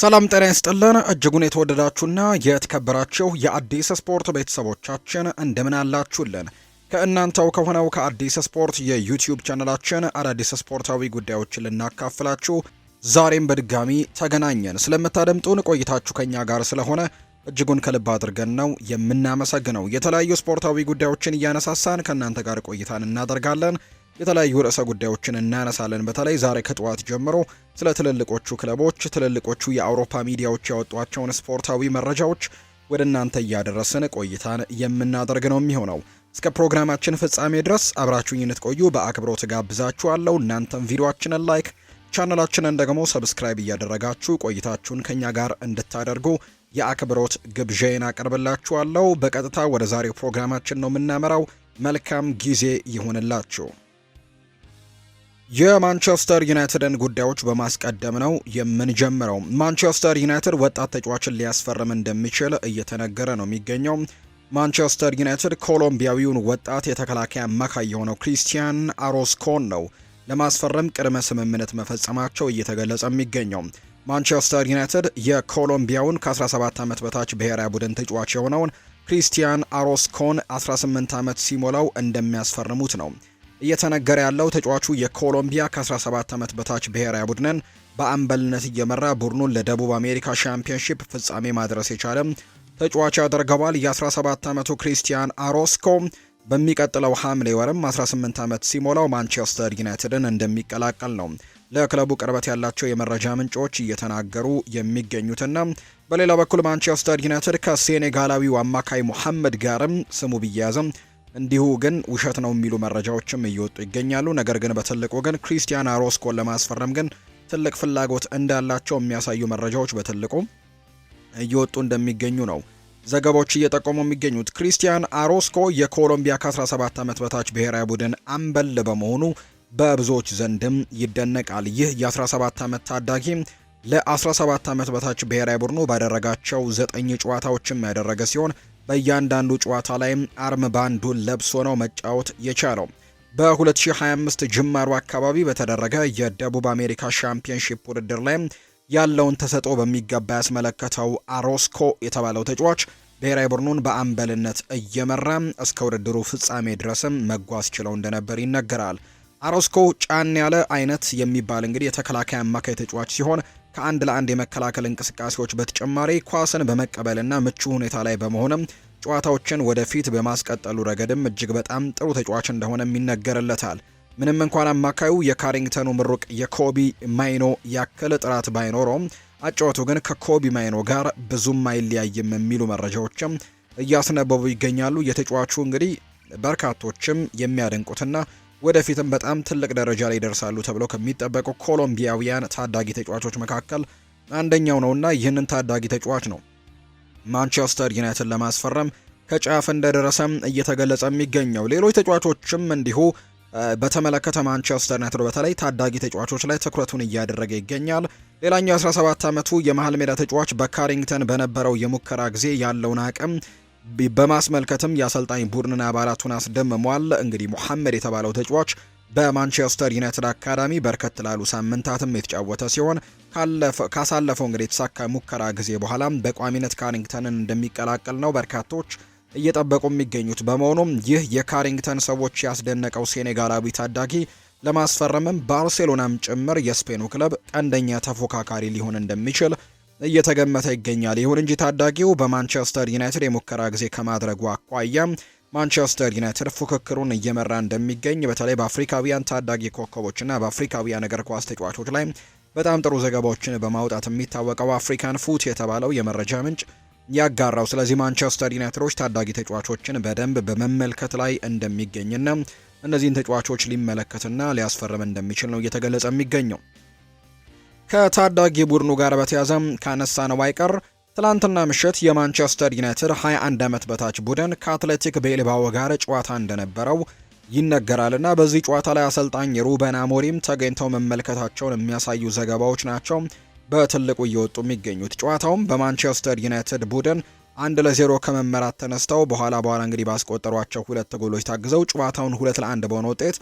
ሰላም ጤና ይስጥልን እጅጉን የተወደዳችሁና የተከበራችሁ የአዲስ ስፖርት ቤተሰቦቻችን እንደምን አላችሁልን? ከእናንተው ከሆነው ከአዲስ ስፖርት የዩቲዩብ ቻነላችን አዳዲስ ስፖርታዊ ጉዳዮችን ልናካፍላችሁ ዛሬም በድጋሚ ተገናኘን። ስለምታደምጡን ቆይታችሁ ከኛ ጋር ስለሆነ እጅጉን ከልብ አድርገን ነው የምናመሰግነው። የተለያዩ ስፖርታዊ ጉዳዮችን እያነሳሳን ከእናንተ ጋር ቆይታን እናደርጋለን። የተለያዩ ርዕሰ ጉዳዮችን እናነሳለን። በተለይ ዛሬ ከጠዋት ጀምሮ ስለ ትልልቆቹ ክለቦች ትልልቆቹ የአውሮፓ ሚዲያዎች ያወጧቸውን ስፖርታዊ መረጃዎች ወደ እናንተ እያደረስን ቆይታን የምናደርግ ነው የሚሆነው። እስከ ፕሮግራማችን ፍጻሜ ድረስ አብራችሁኝ እንድትቆዩ በአክብሮት ጋብዛችኋለሁ። እናንተም ቪዲዮችንን ላይክ፣ ቻነላችንን ደግሞ ሰብስክራይብ እያደረጋችሁ ቆይታችሁን ከኛ ጋር እንድታደርጉ የአክብሮት ግብዣዬን አቀርብላችኋለሁ። በቀጥታ ወደ ዛሬው ፕሮግራማችን ነው የምናመራው። መልካም ጊዜ ይሁንላችሁ። የማንቸስተር ዩናይትድን ጉዳዮች በማስቀደም ነው የምንጀምረው። ማንቸስተር ዩናይትድ ወጣት ተጫዋችን ሊያስፈርም እንደሚችል እየተነገረ ነው የሚገኘው። ማንቸስተር ዩናይትድ ኮሎምቢያዊውን ወጣት የተከላካይ አማካይ የሆነው ክሪስቲያን አሮስኮን ነው ለማስፈረም ቅድመ ስምምነት መፈጸማቸው እየተገለጸ የሚገኘው። ማንቸስተር ዩናይትድ የኮሎምቢያውን ከ17 ዓመት በታች ብሔራዊ ቡድን ተጫዋች የሆነውን ክሪስቲያን አሮስኮን 18 ዓመት ሲሞላው እንደሚያስፈርሙት ነው እየተነገረ ያለው ተጫዋቹ የኮሎምቢያ ከ17 ዓመት በታች ብሔራዊ ቡድንን በአምበልነት እየመራ ቡድኑን ለደቡብ አሜሪካ ሻምፒዮንሺፕ ፍጻሜ ማድረስ የቻለ ተጫዋች ያደርገዋል። የ17 ዓመቱ ክሪስቲያን አሮስኮ በሚቀጥለው ሐምሌ ወርም 18 ዓመት ሲሞላው ማንቸስተር ዩናይትድን እንደሚቀላቀል ነው ለክለቡ ቅርበት ያላቸው የመረጃ ምንጮች እየተናገሩ የሚገኙትና በሌላ በኩል ማንቸስተር ዩናይትድ ከሴኔጋላዊው አማካይ ሙሐመድ ጋርም ስሙ ቢያያዝም እንዲሁ ግን ውሸት ነው የሚሉ መረጃዎችም እየወጡ ይገኛሉ። ነገር ግን በትልቁ ግን ክሪስቲያን አሮስኮን ለማስፈረም ግን ትልቅ ፍላጎት እንዳላቸው የሚያሳዩ መረጃዎች በትልቁ እየወጡ እንደሚገኙ ነው ዘገባዎች እየጠቆሙ የሚገኙት። ክሪስቲያን አሮስኮ የኮሎምቢያ ከ17 ዓመት በታች ብሔራዊ ቡድን አምበል በመሆኑ በብዙዎች ዘንድም ይደነቃል። ይህ የ17 ዓመት ታዳጊ ለ17 ዓመት በታች ብሔራዊ ቡድኑ ባደረጋቸው ዘጠኝ ጨዋታዎችም ያደረገ ሲሆን በእያንዳንዱ ጨዋታ ላይም አርም ባንዱ ለብሶ ነው መጫወት የቻለው። በ2025 ጅማሩ አካባቢ በተደረገ የደቡብ አሜሪካ ሻምፒየንሺፕ ውድድር ላይ ያለውን ተሰጥኦ በሚገባ ያስመለከተው አሮስኮ የተባለው ተጫዋች ብሔራዊ ቡድኑን በአምበልነት እየመራ እስከ ውድድሩ ፍጻሜ ድረስም መጓዝ ችለው እንደነበር ይነገራል። አሮስኮ ጫን ያለ አይነት የሚባል እንግዲህ የተከላካይ አማካይ ተጫዋች ሲሆን ከአንድ ለአንድ የመከላከል እንቅስቃሴዎች በተጨማሪ ኳስን በመቀበልና ምቹ ሁኔታ ላይ በመሆንም ጨዋታዎችን ወደፊት በማስቀጠሉ ረገድም እጅግ በጣም ጥሩ ተጫዋች እንደሆነም ይነገርለታል። ምንም እንኳን አማካዩ የካሪንግተኑ ምሩቅ የኮቢ ማይኖ ያክል ጥራት ባይኖረውም አጫወቱ ግን ከኮቢ ማይኖ ጋር ብዙም አይለያይም የሚሉ መረጃዎችም እያስነበቡ ይገኛሉ። የተጫዋቹ እንግዲህ በርካቶችም የሚያደንቁትና ወደፊትም በጣም ትልቅ ደረጃ ላይ ይደርሳሉ ተብለው ከሚጠበቁ ኮሎምቢያውያን ታዳጊ ተጫዋቾች መካከል አንደኛው ነውና ይህንን ታዳጊ ተጫዋች ነው ማንቸስተር ዩናይትድ ለማስፈረም ከጫፍ እንደደረሰም እየተገለጸ የሚገኘው። ሌሎች ተጫዋቾችም እንዲሁ በተመለከተ ማንቸስተር ዩናይትድ በተለይ ታዳጊ ተጫዋቾች ላይ ትኩረቱን እያደረገ ይገኛል። ሌላኛው 17 ዓመቱ የመሃል ሜዳ ተጫዋች በካሪንግተን በነበረው የሙከራ ጊዜ ያለውን አቅም በማስመልከትም የአሰልጣኝ ቡድንን አባላቱን አስደምሟል። እንግዲህ ሙሐመድ የተባለው ተጫዋች በማንቸስተር ዩናይትድ አካዳሚ በርከት ላሉ ሳምንታትም የተጫወተ ሲሆን ካሳለፈው እንግዲህ የተሳካ ሙከራ ጊዜ በኋላም በቋሚነት ካሪንግተንን እንደሚቀላቀል ነው በርካቶች እየጠበቁ የሚገኙት። በመሆኑም ይህ የካሪንግተን ሰዎች ያስደነቀው ሴኔጋላዊ ታዳጊ ለማስፈረምም ባርሴሎናም ጭምር የስፔኑ ክለብ ቀንደኛ ተፎካካሪ ሊሆን እንደሚችል እየተገመተ ይገኛል። ይሁን እንጂ ታዳጊው በማንቸስተር ዩናይትድ የሙከራ ጊዜ ከማድረጉ አኳያ ማንቸስተር ዩናይትድ ፉክክሩን እየመራ እንደሚገኝ በተለይ በአፍሪካውያን ታዳጊ ኮከቦችና በአፍሪካውያን እግር ኳስ ተጫዋቾች ላይ በጣም ጥሩ ዘገባዎችን በማውጣት የሚታወቀው አፍሪካን ፉት የተባለው የመረጃ ምንጭ ያጋራው። ስለዚህ ማንቸስተር ዩናይትዶች ታዳጊ ተጫዋቾችን በደንብ በመመልከት ላይ እንደሚገኝና እነዚህን ተጫዋቾች ሊመለከትና ሊያስፈርም እንደሚችል ነው እየተገለጸ የሚገኘው። ከታዳጊ ቡድኑ ጋር በተያዘም ነው አይቀር ትላንትና ምሽት የማንቸስተር ዩናይትድ 21 ዓመት በታች ቡድን ከአትሌቲክ ቤልባዎ ጋር ጨዋታ እንደነበረው ይነገራልና በዚህ ጨዋታ ላይ አሰልጣኝ ሩበን አሞሪም ተገኝተው መመልከታቸውን የሚያሳዩ ዘገባዎች ናቸው በትልቁ እየወጡ የሚገኙት። ጨዋታውም በማንቸስተር ዩናይትድ ቡድን አንድ ለዜሮ ከመመራት ተነስተው በኋላ በኋላ እንግዲህ ባስቆጠሯቸው ሁለት ጎሎች ታግዘው ጨዋታውን ሁለት ለአንድ በሆነ ውጤት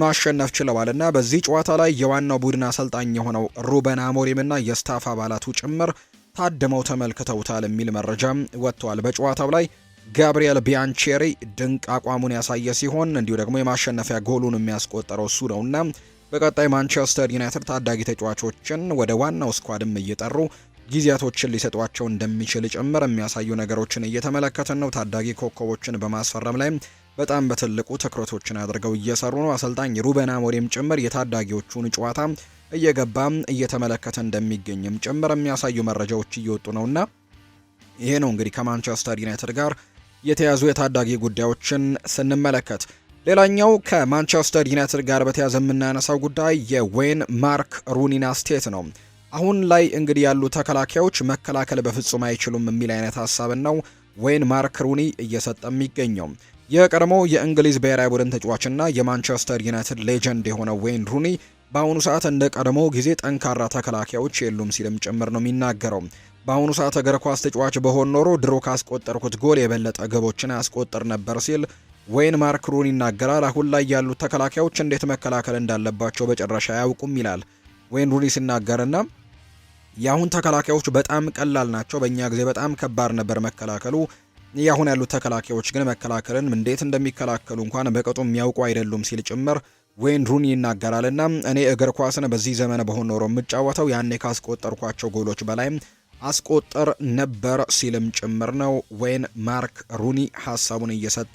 ማሸነፍ ችለዋል እና በዚህ ጨዋታ ላይ የዋናው ቡድን አሰልጣኝ የሆነው ሩበን አሞሪም እና የስታፍ አባላቱ ጭምር ታድመው ተመልክተውታል የሚል መረጃም ወጥተዋል። በጨዋታው ላይ ጋብሪኤል ቢያንቼሪ ድንቅ አቋሙን ያሳየ ሲሆን እንዲሁ ደግሞ የማሸነፊያ ጎሉን የሚያስቆጠረው እሱ ነውና በቀጣይ ማንቸስተር ዩናይትድ ታዳጊ ተጫዋቾችን ወደ ዋናው ስኳድም እየጠሩ ጊዜያቶችን ሊሰጧቸው እንደሚችል ጭምር የሚያሳዩ ነገሮችን እየተመለከትን ነው። ታዳጊ ኮከቦችን በማስፈረም ላይ በጣም በትልቁ ትኩረቶችን አድርገው እየሰሩ ነው። አሰልጣኝ ሩበን አሞሪም ጭምር የታዳጊዎቹን ጨዋታ እየገባም እየተመለከተ እንደሚገኝም ጭምር የሚያሳዩ መረጃዎች እየወጡ ነውና ይሄ ነው እንግዲህ ከማንቸስተር ዩናይትድ ጋር የተያዙ የታዳጊ ጉዳዮችን ስንመለከት ሌላኛው ከማንቸስተር ዩናይትድ ጋር በተያዘ የምናነሳው ጉዳይ የዌይን ማርክ ሩኒን አስቴት ነው። አሁን ላይ እንግዲህ ያሉ ተከላካዮች መከላከል በፍጹም አይችሉም የሚል አይነት ሀሳብን ነው ዌይን ማርክ ሩኒ እየሰጠ የሚገኘው። የቀድሞ የእንግሊዝ ብሔራዊ ቡድን ተጫዋችና የማንቸስተር ዩናይትድ ሌጀንድ የሆነው ዌይን ሩኒ በአሁኑ ሰዓት እንደ ቀድሞ ጊዜ ጠንካራ ተከላካዮች የሉም ሲልም ጭምር ነው የሚናገረው። በአሁኑ ሰዓት እግር ኳስ ተጫዋች በሆን ኖሮ ድሮ ካስቆጠርኩት ጎል የበለጠ ግቦችን አስቆጥር ነበር ሲል ወይን ማርክ ሩኒ ይናገራል። አሁን ላይ ያሉት ተከላካዮች እንዴት መከላከል እንዳለባቸው በጭራሽ አያውቁም ይላል ወይን ሩኒ ሲናገርና የአሁን ተከላካዮች በጣም ቀላል ናቸው፣ በእኛ ጊዜ በጣም ከባድ ነበር መከላከሉ የአሁን ያሉት ተከላካዮች ግን መከላከልን እንዴት እንደሚከላከሉ እንኳን በቅጡ የሚያውቁ አይደሉም ሲል ጭምር ወይን ሩኒ ይናገራልና እኔ እግር ኳስን በዚህ ዘመን በሆን ኖሮ የምጫወተው ያኔ ካስቆጠርኳቸው ጎሎች በላይም አስቆጠር ነበር ሲልም ጭምር ነው ወይን ማርክ ሩኒ ሀሳቡን እየሰጠ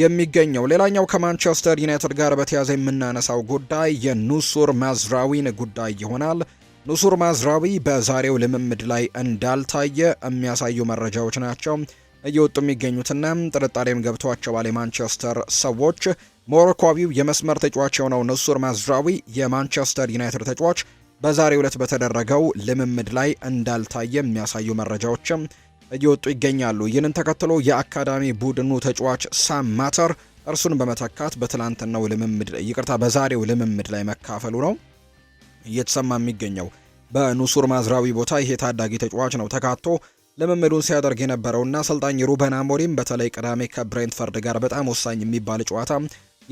የሚገኘው። ሌላኛው ከማንቸስተር ዩናይትድ ጋር በተያያዘ የምናነሳው ጉዳይ የኑሱር ማዝራዊን ጉዳይ ይሆናል። ኑሱር ማዝራዊ በዛሬው ልምምድ ላይ እንዳልታየ የሚያሳዩ መረጃዎች ናቸው እየወጡ የሚገኙትና ጥርጣሬም ገብቷቸዋል የማንቸስተር ሰዎች። ሞሮኮዊው የመስመር ተጫዋች የሆነው ንሱር ማዝራዊ የማንቸስተር ዩናይትድ ተጫዋች በዛሬው ዕለት በተደረገው ልምምድ ላይ እንዳልታየ የሚያሳዩ መረጃዎችም እየወጡ ይገኛሉ። ይህንን ተከትሎ የአካዳሚ ቡድኑ ተጫዋች ሳም ማተር እርሱን በመተካት በትላንትናው ልምምድ ይቅርታ፣ በዛሬው ልምምድ ላይ መካፈሉ ነው እየተሰማ የሚገኘው። በኑሱር ማዝራዊ ቦታ ይሄ ታዳጊ ተጫዋች ነው ተካቶ ልምምዱን ሲያደርግ የነበረውና አሰልጣኝ ሩበን አሞሪም በተለይ ቅዳሜ ከብሬንትፈርድ ጋር በጣም ወሳኝ የሚባል ጨዋታ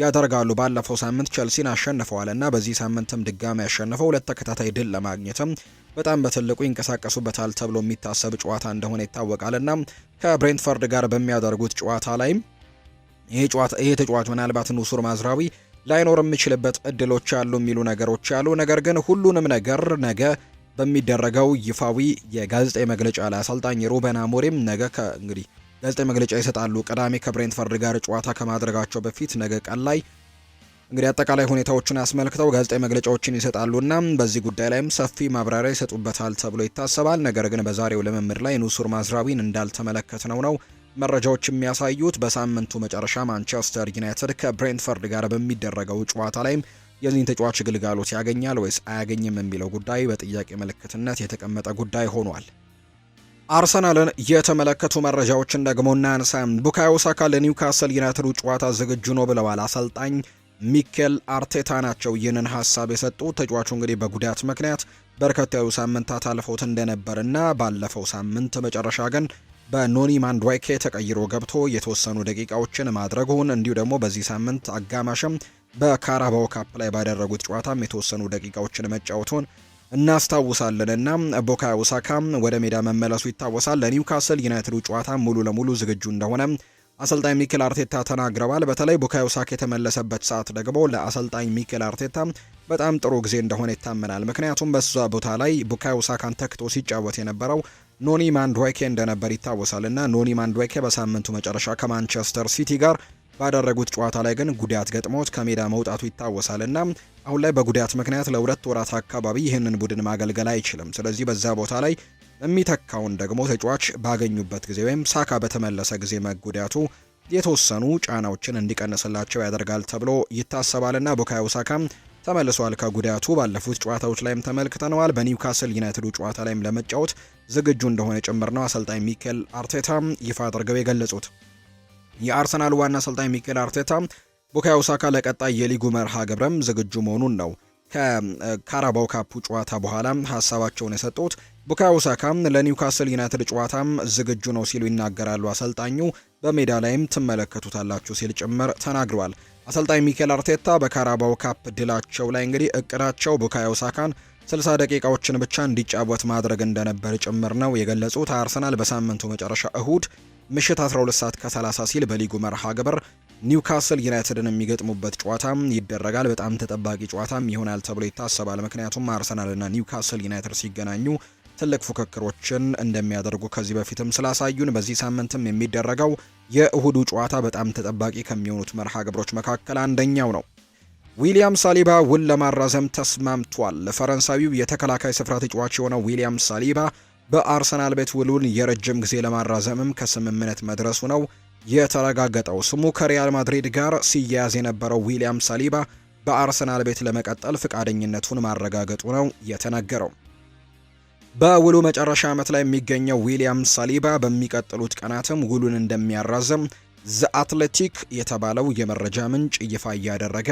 ያደርጋሉ። ባለፈው ሳምንት ቸልሲን አሸንፈዋል እና በዚህ ሳምንትም ድጋሚ ያሸንፈው ሁለት ተከታታይ ድል ለማግኘትም በጣም በትልቁ ይንቀሳቀሱበታል ተብሎ የሚታሰብ ጨዋታ እንደሆነ ይታወቃል እና ከብሬንትፈርድ ጋር በሚያደርጉት ጨዋታ ላይም ይህ ተጫዋች ምናልባት ንሱር ማዝራዊ ላይኖር የሚችልበት እድሎች አሉ የሚሉ ነገሮች አሉ። ነገር ግን ሁሉንም ነገር ነገ በሚደረገው ይፋዊ የጋዜጣዊ መግለጫ ላይ አሰልጣኝ ሩበን አሞሪም ነገ እንግዲህ ጋዜጣዊ መግለጫ ይሰጣሉ። ቅዳሜ ከብሬንትፈርድ ጋር ጨዋታ ከማድረጋቸው በፊት ነገ ቀን ላይ እንግዲህ አጠቃላይ ሁኔታዎችን አስመልክተው ጋዜጣዊ መግለጫዎችን ይሰጣሉና በዚህ ጉዳይ ላይም ሰፊ ማብራሪያ ይሰጡበታል ተብሎ ይታሰባል። ነገር ግን በዛሬው ልምምድ ላይ ኑሱር ማዝራዊን እንዳልተመለከት ነው ነው መረጃዎች የሚያሳዩት። በሳምንቱ መጨረሻ ማንቸስተር ዩናይትድ ከብሬንትፈርድ ጋር በሚደረገው ጨዋታ ላይም የዚህን ተጫዋች ግልጋሎት ያገኛል ወይስ አያገኝም የሚለው ጉዳይ በጥያቄ ምልክትነት የተቀመጠ ጉዳይ ሆኗል። አርሰናልን የተመለከቱ መረጃዎችን ደግሞ እናንሳ። ቡካዮ ሳካ ለኒውካስል ዩናይትዱ ጨዋታ ዝግጁ ነው ብለዋል አሰልጣኝ ሚኬል አርቴታ ናቸው ይህንን ሀሳብ የሰጡ ተጫዋቹ እንግዲህ በጉዳት ምክንያት በርከት ያሉ ሳምንታት አልፈውት እንደነበርና ባለፈው ሳምንት መጨረሻ ግን በኖኒ ማንድዋይኬ ተቀይሮ ገብቶ የተወሰኑ ደቂቃዎችን ማድረጉን እንዲሁ ደግሞ በዚህ ሳምንት አጋማሽም በካራባው ካፕ ላይ ባደረጉት ጨዋታም የተወሰኑ ደቂቃዎችን መጫወቱን እናስታውሳለን እና ቡካዮ ሳካ ወደ ሜዳ መመለሱ ይታወሳል። ለኒውካስል ዩናይትዱ ጨዋታ ሙሉ ለሙሉ ዝግጁ እንደሆነ አሰልጣኝ ሚኬል አርቴታ ተናግረዋል። በተለይ ቡካዮ ሳካ የተመለሰበት ሰዓት ደግሞ ለአሰልጣኝ ሚኬል አርቴታ በጣም ጥሩ ጊዜ እንደሆነ ይታመናል። ምክንያቱም በዛ ቦታ ላይ ቡካዮ ሳካን ተክቶ ሲጫወት የነበረው ኖኒ ማንድዌኬ እንደነበር ይታወሳል እና ኖኒ ማንድዌኬ በሳምንቱ መጨረሻ ከማንቸስተር ሲቲ ጋር ባደረጉት ጨዋታ ላይ ግን ጉዳት ገጥሞት ከሜዳ መውጣቱ ይታወሳል እና አሁን ላይ በጉዳት ምክንያት ለሁለት ወራት አካባቢ ይህንን ቡድን ማገልገል አይችልም። ስለዚህ በዛ ቦታ ላይ የሚተካውን ደግሞ ተጫዋች ባገኙበት ጊዜ ወይም ሳካ በተመለሰ ጊዜ መጉዳቱ የተወሰኑ ጫናዎችን እንዲቀንስላቸው ያደርጋል ተብሎ ይታሰባልና ቡካዮ ሳካም ተመልሷል ከጉዳቱ። ባለፉት ጨዋታዎች ላይም ተመልክተነዋል። በኒውካስል ዩናይትዱ ጨዋታ ላይም ለመጫወት ዝግጁ እንደሆነ ጭምር ነው አሰልጣኝ ሚኬል አርቴታ ይፋ አድርገው የገለጹት። የአርሰናል ዋና አሰልጣኝ ሚኬል አርቴታ ቡካዮ ሳካ ለቀጣይ የሊጉ መርሃ ግብረም ዝግጁ መሆኑን ነው ከካራባው ካፑ ጨዋታ በኋላ ሀሳባቸውን የሰጡት። ቡካዮ ሳካ ለኒውካስል ዩናይትድ ጨዋታም ዝግጁ ነው ሲሉ ይናገራሉ። አሰልጣኙ በሜዳ ላይም ትመለከቱታላችሁ ሲል ጭምር ተናግሯል። አሰልጣኝ ሚኬል አርቴታ በካራባው ካፕ ድላቸው ላይ እንግዲህ እቅዳቸው ቡካዮ ሳካን 60 ደቂቃዎችን ብቻ እንዲጫወት ማድረግ እንደነበር ጭምር ነው የገለጹት። አርሰናል በሳምንቱ መጨረሻ እሁድ ምሽት 12 ሰዓት ከ30 ሲል በሊጉ መርሃ ግብር ኒውካስል ዩናይትድን የሚገጥሙበት ጨዋታም ይደረጋል። በጣም ተጠባቂ ጨዋታም ይሆናል ተብሎ ይታሰባል። ምክንያቱም አርሰናልና ኒውካስል ዩናይትድ ሲገናኙ ትልቅ ፉክክሮችን እንደሚያደርጉ ከዚህ በፊትም ስላሳዩን በዚህ ሳምንትም የሚደረገው የእሁዱ ጨዋታ በጣም ተጠባቂ ከሚሆኑት መርሃ ግብሮች መካከል አንደኛው ነው። ዊሊያም ሳሊባ ውል ለማራዘም ተስማምቷል። ፈረንሳዊው የተከላካይ ስፍራ ተጫዋች የሆነው ዊሊያም ሳሊባ በአርሰናል ቤት ውሉን የረጅም ጊዜ ለማራዘምም ከስምምነት መድረሱ ነው የተረጋገጠው። ስሙ ከሪያል ማድሪድ ጋር ሲያያዝ የነበረው ዊሊያም ሳሊባ በአርሰናል ቤት ለመቀጠል ፍቃደኝነቱን ማረጋገጡ ነው የተነገረው። በውሉ መጨረሻ ዓመት ላይ የሚገኘው ዊሊያም ሳሊባ በሚቀጥሉት ቀናትም ውሉን እንደሚያራዘም ዘ አትሌቲክ የተባለው የመረጃ ምንጭ ይፋ እያደረገ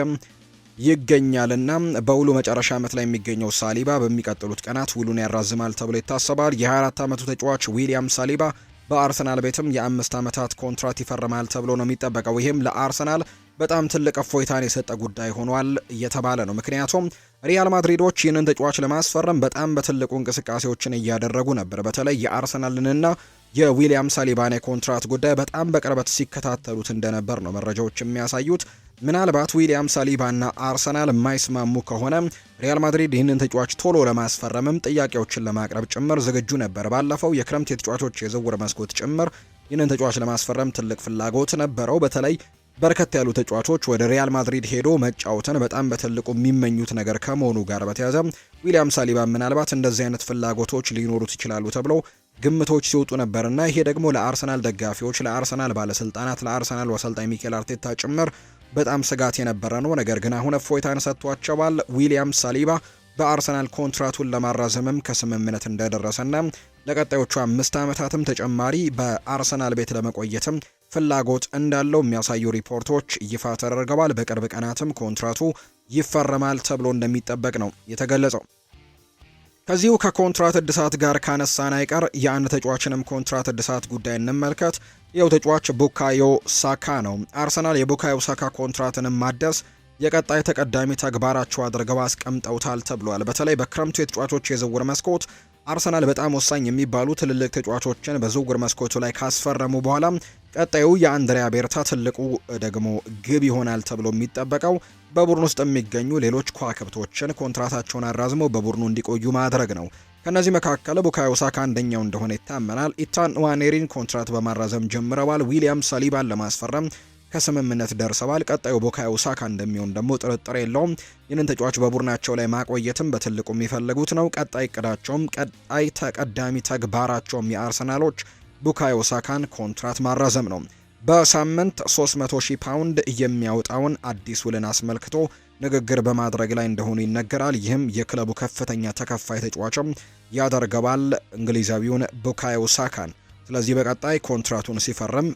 ይገኛልና በውሉ መጨረሻ ዓመት ላይ የሚገኘው ሳሊባ በሚቀጥሉት ቀናት ውሉን ያራዝማል ተብሎ ይታሰባል። የ24 ዓመቱ ተጫዋች ዊሊያም ሳሊባ በአርሰናል ቤትም የአምስት ዓመታት ኮንትራት ይፈርማል ተብሎ ነው የሚጠበቀው። ይህም ለአርሰናል በጣም ትልቅ እፎይታን የሰጠ ጉዳይ ሆኗል እየተባለ ነው። ምክንያቱም ሪያል ማድሪዶች ይህንን ተጫዋች ለማስፈረም በጣም በትልቁ እንቅስቃሴዎችን እያደረጉ ነበር። በተለይ የአርሰናልንና የዊሊያም ሳሊባን ኮንትራት ጉዳይ በጣም በቅርበት ሲከታተሉት እንደነበር ነው መረጃዎች የሚያሳዩት። ምናልባት ዊሊያም ሳሊባና አርሰናል የማይስማሙ ከሆነ ሪያል ማድሪድ ይህንን ተጫዋች ቶሎ ለማስፈረምም ጥያቄዎችን ለማቅረብ ጭምር ዝግጁ ነበር። ባለፈው የክረምት የተጫዋቾች የዝውውር መስኮት ጭምር ይህንን ተጫዋች ለማስፈረም ትልቅ ፍላጎት ነበረው። በተለይ በርከት ያሉ ተጫዋቾች ወደ ሪያል ማድሪድ ሄዶ መጫወትን በጣም በትልቁ የሚመኙት ነገር ከመሆኑ ጋር በተያዘ ዊሊያም ሳሊባ ምናልባት እንደዚህ አይነት ፍላጎቶች ሊኖሩት ይችላሉ ተብለው ግምቶች ሲወጡ ነበርና ይሄ ደግሞ ለአርሰናል ደጋፊዎች፣ ለአርሰናል ባለስልጣናት፣ ለአርሰናል ወሰልጣኝ ሚኬል አርቴታ ጭምር በጣም ስጋት የነበረ ነው። ነገር ግን አሁን እፎይታን ሰጥቷቸዋል። ዊሊያም ሳሊባ በአርሰናል ኮንትራቱን ለማራዘምም ከስምምነት እንደደረሰና ለቀጣዮቹ አምስት ዓመታትም ተጨማሪ በአርሰናል ቤት ለመቆየትም ፍላጎት እንዳለው የሚያሳዩ ሪፖርቶች ይፋ ተደርገዋል። በቅርብ ቀናትም ኮንትራቱ ይፈረማል ተብሎ እንደሚጠበቅ ነው የተገለጸው። ከዚሁ ከኮንትራት እድሳት ጋር ካነሳን አይቀር የአንድ ተጫዋችንም ኮንትራት እድሳት ጉዳይ እንመልከት። ይኸው ተጫዋች ቡካዮ ሳካ ነው። አርሰናል የቡካዮ ሳካ ኮንትራትንም ማደስ የቀጣይ ተቀዳሚ ተግባራቸው አድርገው አስቀምጠውታል ተብሏል። በተለይ በክረምቱ የተጫዋቾች የዝውውር መስኮት አርሰናል በጣም ወሳኝ የሚባሉ ትልልቅ ተጫዋቾችን በዝውውር መስኮቱ ላይ ካስፈረሙ በኋላ ቀጣዩ የአንድሪያ ቤርታ ትልቁ ደግሞ ግብ ይሆናል ተብሎ የሚጠበቀው በቡድን ውስጥ የሚገኙ ሌሎች ኳክብቶችን ኮንትራታቸውን አራዝመው በቡድኑ እንዲቆዩ ማድረግ ነው። ከእነዚህ መካከል ቡካዮ አንደኛው እንደሆነ ይታመናል። ኢታን ዋኔሪን ኮንትራት በማራዘም ጀምረዋል። ዊሊያም ሰሊባን ለማስፈረም ከስምምነት ደርሰዋል። ቀጣዩ ቡካዮ ሳካ እንደሚሆን ደግሞ ጥርጥር የለውም። ይህንን ተጫዋች በቡድናቸው ላይ ማቆየትም በትልቁ የሚፈልጉት ነው። ቀጣይ እቅዳቸውም ቀጣይ ተቀዳሚ ተግባራቸውም የአርሰናሎች ቡካዮ ሳካን ኮንትራት ማራዘም ነው። በሳምንት 300 ሺህ ፓውንድ የሚያወጣውን አዲስ ውልን አስመልክቶ ንግግር በማድረግ ላይ እንደሆኑ ይነገራል። ይህም የክለቡ ከፍተኛ ተከፋይ ተጫዋችም ያደርገዋል እንግሊዛዊውን ቡካዮ ሳካን። ስለዚህ በቀጣይ ኮንትራቱን ሲፈርም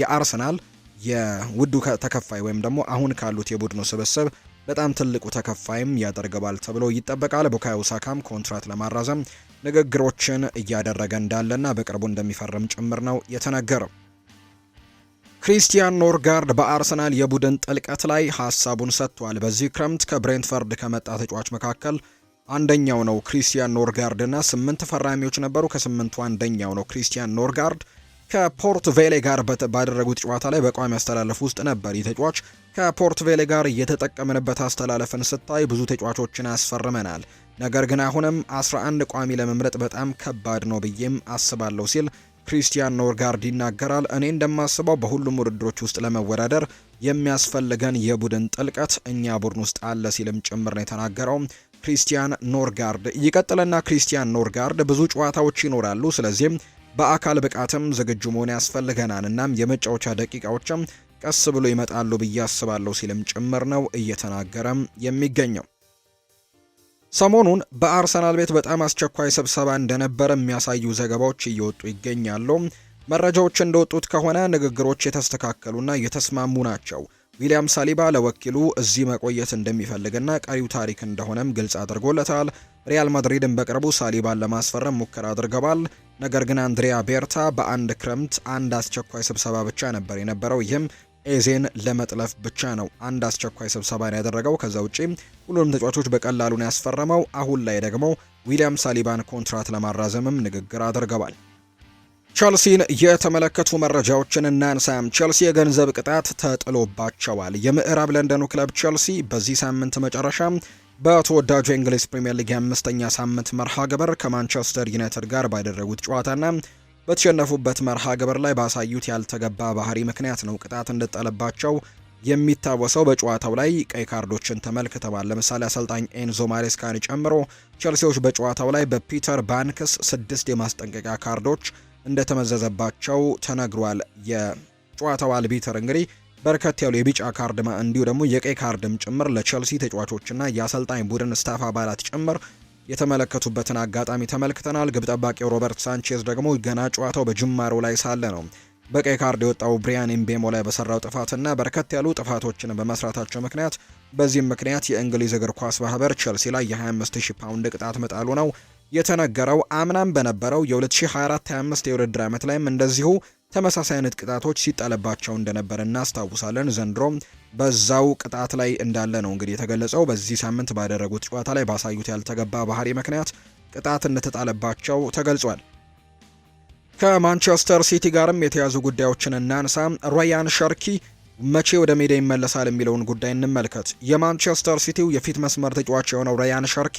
የአርሰናል የውዱ ተከፋይ ወይም ደግሞ አሁን ካሉት የቡድኑ ስብስብ በጣም ትልቁ ተከፋይም ያደርገዋል ተብሎ ይጠበቃል። ቡካዮ ሳካም ኮንትራት ለማራዘም ንግግሮችን እያደረገ እንዳለና በቅርቡ እንደሚፈርም ጭምር ነው የተነገረው። ክሪስቲያን ኖርጋርድ በአርሰናል የቡድን ጥልቀት ላይ ሀሳቡን ሰጥቷል። በዚህ ክረምት ከብሬንትፈርድ ከመጣ ተጫዋች መካከል አንደኛው ነው ክሪስቲያን ኖርጋርድ እና ስምንት ፈራሚዎች ነበሩ። ከስምንቱ አንደኛው ነው ክሪስቲያን ኖርጋርድ። ከፖርት ቬሌ ጋር ባደረጉት ጨዋታ ላይ በቋሚ አስተላለፍ ውስጥ ነበር። ይህ ተጫዋች ከፖርት ቬሌ ጋር እየተጠቀምንበት አስተላለፍን ስታይ ብዙ ተጫዋቾችን አስፈርመናል። ነገር ግን አሁንም 11 ቋሚ ለመምረጥ በጣም ከባድ ነው ብዬም አስባለሁ ሲል ክሪስቲያን ኖርጋርድ ይናገራል። እኔ እንደማስበው በሁሉም ውድድሮች ውስጥ ለመወዳደር የሚያስፈልገን የቡድን ጥልቀት እኛ ቡድን ውስጥ አለ ሲልም ጭምር ነው የተናገረው። ክሪስቲያን ኖርጋርድ ይቀጥልና ክሪስቲያን ኖርጋርድ ብዙ ጨዋታዎች ይኖራሉ፣ ስለዚህም በአካል ብቃትም ዝግጁ መሆን ያስፈልገናል። እናም የመጫወቻ ደቂቃዎችም ቀስ ብሎ ይመጣሉ ብዬ አስባለሁ ሲልም ጭምር ነው እየተናገረም የሚገኘው። ሰሞኑን በአርሰናል ቤት በጣም አስቸኳይ ስብሰባ እንደነበረ የሚያሳዩ ዘገባዎች እየወጡ ይገኛሉ። መረጃዎች እንደወጡት ከሆነ ንግግሮች የተስተካከሉና የተስማሙ ናቸው። ዊሊያም ሳሊባ ለወኪሉ እዚህ መቆየት እንደሚፈልግና ቀሪው ታሪክ እንደሆነም ግልጽ አድርጎለታል። ሪያል ማድሪድን በቅርቡ ሳሊባን ለማስፈረም ሙከራ አድርገዋል። ነገር ግን አንድሪያ ቤርታ በአንድ ክረምት አንድ አስቸኳይ ስብሰባ ብቻ ነበር የነበረው። ይህም ኤዜን ለመጥለፍ ብቻ ነው አንድ አስቸኳይ ስብሰባን ያደረገው። ከዛ ውጪ ሁሉንም ተጫዋቾች በቀላሉን ያስፈረመው። አሁን ላይ ደግሞ ዊሊያም ሳሊባን ኮንትራት ለማራዘምም ንግግር አድርገዋል። ቸልሲን የተመለከቱ መረጃዎችን እናንሳም። ቸልሲ የገንዘብ ቅጣት ተጥሎባቸዋል። የምዕራብ ለንደኑ ክለብ ቸልሲ በዚህ ሳምንት መጨረሻ በተወዳጁ የእንግሊዝ ፕሪምየር ሊግ የአምስተኛ ሳምንት መርሃ ግበር ከማንቸስተር ዩናይትድ ጋር ባደረጉት ጨዋታና በተሸነፉበት መርሃ ግብር ላይ ባሳዩት ያልተገባ ባህሪ ምክንያት ነው ቅጣት እንደጠለባቸው የሚታወሰው በጨዋታው ላይ ቀይ ካርዶችን ተመልክተዋል። ለምሳሌ አሰልጣኝ ኤንዞ ማሬስካን ጨምሮ ቸልሲዎች በጨዋታው ላይ በፒተር ባንክስ ስድስት የማስጠንቀቂያ ካርዶች እንደተመዘዘባቸው ተነግሯል። የጨዋታው አልቢተር እንግዲህ በርከት ያሉ የቢጫ ካርድ እንዲሁ ደግሞ የቀይ ካርድም ጭምር ለቸልሲ ተጫዋቾችና የአሰልጣኝ ቡድን ስታፍ አባላት ጭምር የተመለከቱበትን አጋጣሚ ተመልክተናል። ግብ ጠባቂው ሮበርት ሳንቼዝ ደግሞ ገና ጨዋታው በጅማሮ ላይ ሳለ ነው በቀይ ካርድ የወጣው ብሪያን ኢምቤሞ ላይ በሰራው ጥፋትና በርከት ያሉ ጥፋቶችን በመስራታቸው ምክንያት በዚህም ምክንያት የእንግሊዝ እግር ኳስ ማህበር ቸልሲ ላይ የ25000 ፓውንድ ቅጣት መጣሉ ነው የተነገረው። አምናም በነበረው የ2024/25 የውድድር ዓመት ላይም እንደዚሁ ተመሳሳይ አይነት ቅጣቶች ሲጣለባቸው እንደነበር እናስታውሳለን። ዘንድሮም በዛው ቅጣት ላይ እንዳለ ነው እንግዲህ የተገለጸው። በዚህ ሳምንት ባደረጉት ጨዋታ ላይ ባሳዩት ያልተገባ ባህሪ ምክንያት ቅጣት እንደተጣለባቸው ተገልጿል። ከማንቸስተር ሲቲ ጋርም የተያዙ ጉዳዮችን እናንሳ። ሮያን ሸርኪ መቼ ወደ ሜዳ ይመለሳል የሚለውን ጉዳይ እንመልከት። የማንቸስተር ሲቲው የፊት መስመር ተጫዋች የሆነው ሮያን ሸርኪ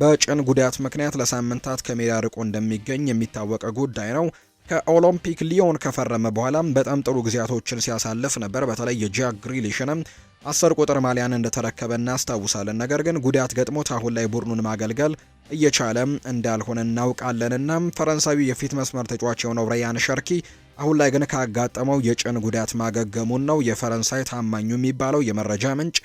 በጭን ጉዳት ምክንያት ለሳምንታት ከሜዳ ርቆ እንደሚገኝ የሚታወቀ ጉዳይ ነው። ከኦሎምፒክ ሊዮን ከፈረመ በኋላም በጣም ጥሩ ጊዜያቶችን ሲያሳልፍ ነበር። በተለይ የጃክ ግሪሊሽንም አስር ቁጥር ማሊያን እንደተረከበ እናስታውሳለን። ነገር ግን ጉዳት ገጥሞት አሁን ላይ ቡድኑን ማገልገል እየቻለም እንዳልሆነ እናውቃለንና ፈረንሳዊ የፊት መስመር ተጫዋች የሆነው ራያን ሸርኪ አሁን ላይ ግን ካጋጠመው የጭን ጉዳት ማገገሙን ነው የፈረንሳይ ታማኙ የሚባለው የመረጃ ምንጭ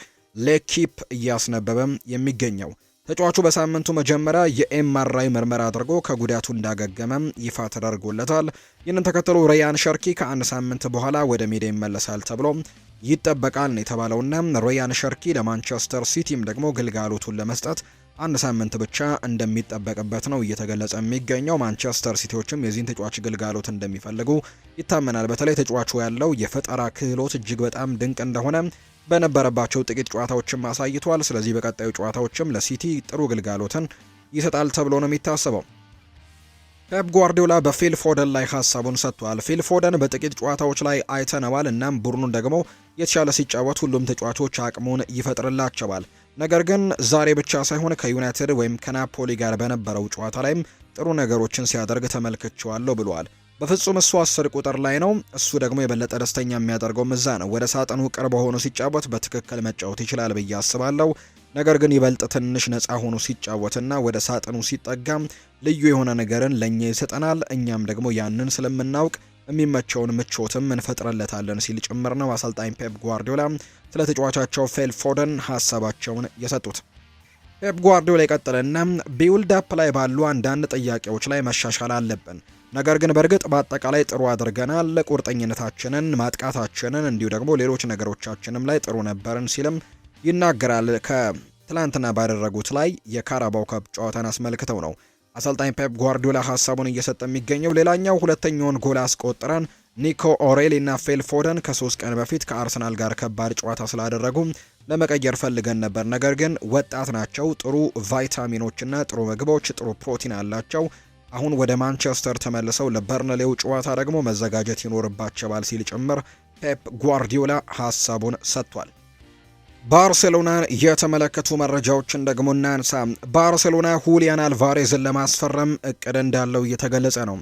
ሌኪፕ እያስነበበም የሚገኘው። ተጫዋቹ በሳምንቱ መጀመሪያ የኤምአርአይ ምርመራ አድርጎ ከጉዳቱ እንዳገገመ ይፋ ተደርጎለታል። ይህንን ተከትሎ ሬያን ሸርኪ ከአንድ ሳምንት በኋላ ወደ ሜዳ ይመለሳል ተብሎ ይጠበቃል ነው የተባለውና ሪያን ሸርኪ ለማንቸስተር ሲቲም ደግሞ ግልጋሎቱን ለመስጠት አንድ ሳምንት ብቻ እንደሚጠበቅበት ነው እየተገለጸ የሚገኘው። ማንቸስተር ሲቲዎችም የዚህን ተጫዋች ግልጋሎት እንደሚፈልጉ ይታመናል። በተለይ ተጫዋቹ ያለው የፈጠራ ክህሎት እጅግ በጣም ድንቅ እንደሆነ በነበረባቸው ጥቂት ጨዋታዎችም አሳይቷል። ስለዚህ በቀጣዩ ጨዋታዎችም ለሲቲ ጥሩ ግልጋሎትን ይሰጣል ተብሎ ነው የሚታሰበው። ፔፕ ጓርዲዮላ በፊል ፎደን ላይ ሀሳቡን ሰጥቷል። ፊል ፎደን በጥቂት ጨዋታዎች ላይ አይተነዋል። እናም ቡድኑን ደግሞ የተሻለ ሲጫወት ሁሉም ተጫዋቾች አቅሙን ይፈጥርላቸዋል። ነገር ግን ዛሬ ብቻ ሳይሆን ከዩናይትድ ወይም ከናፖሊ ጋር በነበረው ጨዋታ ላይም ጥሩ ነገሮችን ሲያደርግ ተመልክቸዋለሁ ብሏል። በፍጹም እሱ አስር ቁጥር ላይ ነው። እሱ ደግሞ የበለጠ ደስተኛ የሚያደርገው ምዛ ነው። ወደ ሳጥኑ ቅርብ ሆኖ ሲጫወት በትክክል መጫወት ይችላል ብዬ አስባለሁ። ነገር ግን ይበልጥ ትንሽ ነፃ ሆኖ ሲጫወትና ወደ ሳጥኑ ሲጠጋም ልዩ የሆነ ነገርን ለእኛ ይሰጠናል። እኛም ደግሞ ያንን ስለምናውቅ የሚመቸውን ምቾትም እንፈጥረለታለን ሲል ጭምር ነው አሰልጣኝ ፔፕ ጓርዲዮላ ስለ ተጫዋቻቸው ፌል ፎደን ሀሳባቸውን የሰጡት። ፔፕ ጓርዲዮላ የቀጠለና ቢውልድ አፕ ላይ ባሉ አንዳንድ ጥያቄዎች ላይ መሻሻል አለብን ነገር ግን በእርግጥ በአጠቃላይ ጥሩ አድርገናል። ቁርጠኝነታችንን፣ ማጥቃታችንን እንዲሁ ደግሞ ሌሎች ነገሮቻችንም ላይ ጥሩ ነበርን ሲልም ይናገራል። ከትላንትና ባደረጉት ላይ የካራባው ከብ ጨዋታን አስመልክተው ነው አሰልጣኝ ፔፕ ጓርዲዮላ ሀሳቡን እየሰጠ የሚገኘው ሌላኛው ሁለተኛውን ጎል አስቆጥረን ኒኮ ኦሬሊ እና ፌል ፎደን ከሶስት ቀን በፊት ከአርሰናል ጋር ከባድ ጨዋታ ስላደረጉ ለመቀየር ፈልገን ነበር። ነገር ግን ወጣት ናቸው፣ ጥሩ ቫይታሚኖችና ጥሩ ምግቦች፣ ጥሩ ፕሮቲን አላቸው። አሁን ወደ ማንቸስተር ተመልሰው ለበርንሌው ጨዋታ ደግሞ መዘጋጀት ይኖርባቸዋል ሲል ጭምር ፔፕ ጓርዲዮላ ሀሳቡን ሰጥቷል። ባርሴሎናን የተመለከቱ መረጃዎችን ደግሞ እናንሳ። ባርሴሎና ሁሊያን አልቫሬዝን ለማስፈረም እቅድ እንዳለው እየተገለጸ ነው።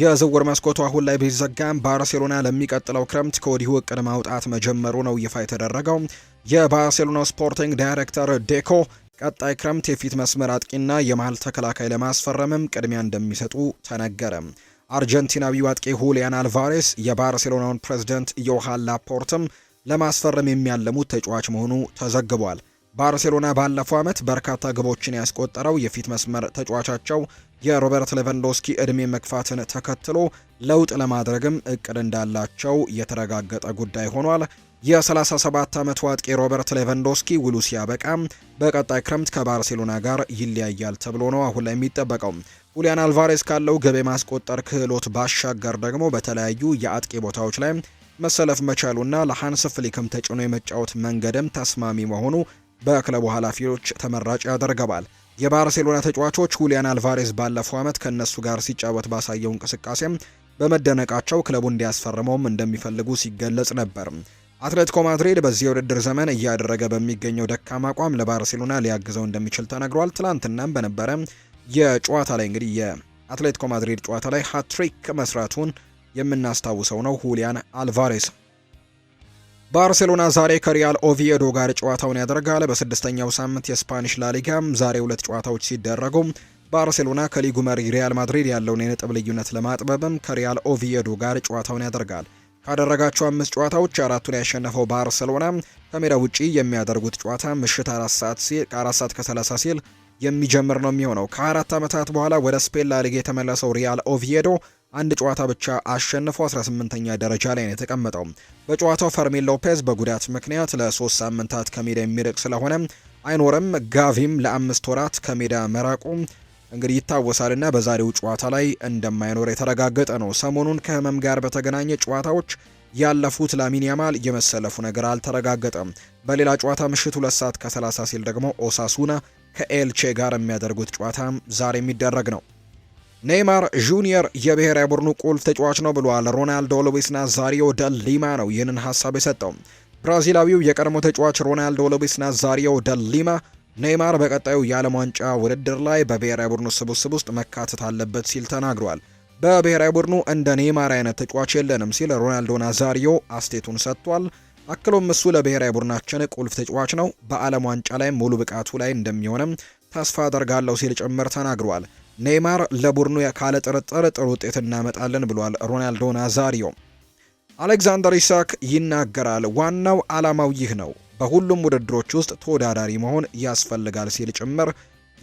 የዝውውር መስኮቱ አሁን ላይ ቢዘጋም ባርሴሎና ለሚቀጥለው ክረምት ከወዲሁ እቅድ ማውጣት መጀመሩ ነው ይፋ የተደረገው። የባርሴሎና ስፖርቲንግ ዳይሬክተር ዴኮ ቀጣይ ክረምት የፊት መስመር አጥቂና የመሃል ተከላካይ ለማስፈረምም ቅድሚያ እንደሚሰጡ ተነገረ። አርጀንቲናዊው አጥቂ ሁሊያን አልቫሬስ የባርሴሎናውን ፕሬዚደንት ዮሃን ላፖርትም ለማስፈረም የሚያለሙት ተጫዋች መሆኑ ተዘግቧል። ባርሴሎና ባለፈው ዓመት በርካታ ግቦችን ያስቆጠረው የፊት መስመር ተጫዋቻቸው የሮበርት ሌቫንዶስኪ ዕድሜ መግፋትን ተከትሎ ለውጥ ለማድረግም እቅድ እንዳላቸው የተረጋገጠ ጉዳይ ሆኗል። የ37 ዓመቱ አጥቂ ሮበርት ሌቫንዶስኪ ውሉ ሲያበቃ በቀጣይ ክረምት ከባርሴሎና ጋር ይለያያል ተብሎ ነው አሁን ላይ የሚጠበቀው። ሁሊያን አልቫሬስ ካለው ግብ የማስቆጠር ክህሎት ባሻገር ደግሞ በተለያዩ የአጥቂ ቦታዎች ላይ መሰለፍ መቻሉና ለሃንስ ፍሊክም ተጭኖ የመጫወት መንገድም ተስማሚ መሆኑ በክለቡ ኃላፊዎች ተመራጭ ያደርገዋል። የባርሴሎና ተጫዋቾች ሁሊያን አልቫሬዝ ባለፈው ዓመት ከእነሱ ጋር ሲጫወት ባሳየው እንቅስቃሴም በመደነቃቸው ክለቡ እንዲያስፈርመውም እንደሚፈልጉ ሲገለጽ ነበር። አትሌቲኮ ማድሪድ በዚህ የውድድር ዘመን እያደረገ በሚገኘው ደካማ አቋም ለባርሴሎና ሊያግዘው እንደሚችል ተነግሯል። ትላንትናም በነበረ የጨዋታ ላይ እንግዲህ የአትሌቲኮ ማድሪድ ጨዋታ ላይ ሃትሪክ መስራቱን የምናስታውሰው ነው ሁሊያን አልቫሬስ። ባርሴሎና ዛሬ ከሪያል ኦቪዬዶ ጋር ጨዋታውን ያደርጋል። በስድስተኛው ሳምንት የስፓኒሽ ላሊጋም ዛሬ ሁለት ጨዋታዎች ሲደረጉ ባርሴሎና ከሊጉ መሪ ሪያል ማድሪድ ያለውን የነጥብ ልዩነት ለማጥበብም ከሪያል ኦቪዬዶ ጋር ጨዋታውን ያደርጋል። ካደረጋቸው አምስት ጨዋታዎች አራቱን ያሸነፈው ባርሴሎና ከሜዳ ውጪ የሚያደርጉት ጨዋታ ምሽት አራት ሰዓት ከ30 ሲል የሚጀምር ነው የሚሆነው። ከአራት ዓመታት በኋላ ወደ ስፔን ላሊጋ የተመለሰው ሪያል ኦቪዬዶ አንድ ጨዋታ ብቻ አሸንፎ 18ኛ ደረጃ ላይ ነው የተቀመጠው። በጨዋታው ፈርሚን ሎፔዝ በጉዳት ምክንያት ለሶስት ሳምንታት ከሜዳ የሚርቅ ስለሆነ አይኖርም። ጋቪም ለአምስት ወራት ከሜዳ መራቁ እንግዲህ ይታወሳልና በዛሬው ጨዋታ ላይ እንደማይኖር የተረጋገጠ ነው። ሰሞኑን ከህመም ጋር በተገናኘ ጨዋታዎች ያለፉት ላሚን ያማል የመሰለፉ ነገር አልተረጋገጠም። በሌላ ጨዋታ ምሽት ሁለት ሰዓት ከ30 ሲል ደግሞ ኦሳሱና ከኤልቼ ጋር የሚያደርጉት ጨዋታ ዛሬ የሚደረግ ነው። ኔይማር ጁኒየር የብሔራዊ ቡድኑ ቁልፍ ተጫዋች ነው ብሏል። ሮናልዶ ሉዊስና ዛሪዮ ደሊማ ነው ይህንን ሀሳብ የሰጠው። ብራዚላዊው የቀድሞ ተጫዋች ሮናልዶ ሉዊስና ዛሪዮ ደሊማ ኔይማር በቀጣዩ የዓለም ዋንጫ ውድድር ላይ በብሔራዊ ቡድኑ ስብስብ ውስጥ መካተት አለበት ሲል ተናግሯል። በብሔራዊ ቡድኑ እንደ ኔይማር አይነት ተጫዋች የለንም ሲል ሮናልዶ ናዛሪዮ አስቴቱን ሰጥቷል። አክሎም እሱ ለብሔራዊ ቡድናችን ቁልፍ ተጫዋች ነው፣ በዓለም ዋንጫ ላይ ሙሉ ብቃቱ ላይ እንደሚሆንም ተስፋ አደርጋለሁ ሲል ጭምር ተናግሯል። ኔይማር ለቡድኑ ካለ ጥርጥር ጥሩ ውጤት እናመጣለን ብሏል ሮናልዶ ናዛሪዮ። አሌክዛንደር ኢሳክ ይናገራል። ዋናው ዓላማው ይህ ነው፣ በሁሉም ውድድሮች ውስጥ ተወዳዳሪ መሆን ያስፈልጋል ሲል ጭምር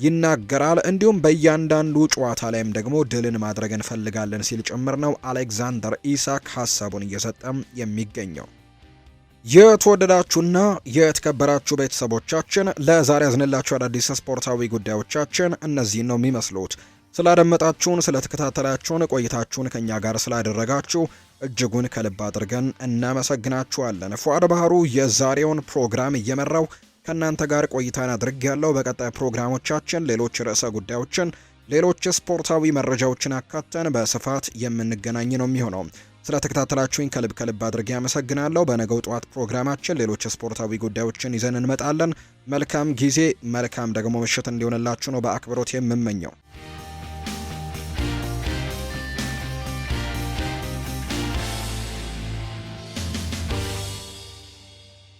ይናገራል። እንዲሁም በእያንዳንዱ ጨዋታ ላይም ደግሞ ድልን ማድረግ እንፈልጋለን ሲል ጭምር ነው አሌክዛንደር ኢሳክ ሀሳቡን እየሰጠም የሚገኘው። የተወደዳችሁና የተከበራችሁ ቤተሰቦቻችን ለዛሬ ያዝንላችሁ አዳዲስ ስፖርታዊ ጉዳዮቻችን እነዚህን ነው የሚመስሉት። ስላደመጣችሁን፣ ስለተከታተላችሁን፣ ቆይታችሁን ከእኛ ጋር ስላደረጋችሁ እጅጉን ከልብ አድርገን እናመሰግናችኋለን። ፏድ ባህሩ የዛሬውን ፕሮግራም እየመራው ከእናንተ ጋር ቆይታን አድርግ ያለው። በቀጣይ ፕሮግራሞቻችን ሌሎች ርዕሰ ጉዳዮችን፣ ሌሎች ስፖርታዊ መረጃዎችን አካተን በስፋት የምንገናኝ ነው የሚሆነው ስለተከታተላችሁኝ ከልብ ከልብ አድርጌ አመሰግናለሁ በነገው ጠዋት ፕሮግራማችን ሌሎች ስፖርታዊ ጉዳዮችን ይዘን እንመጣለን። መልካም ጊዜ፣ መልካም ደግሞ ምሽት እንዲሆንላችሁ ነው በአክብሮት የምመኘው።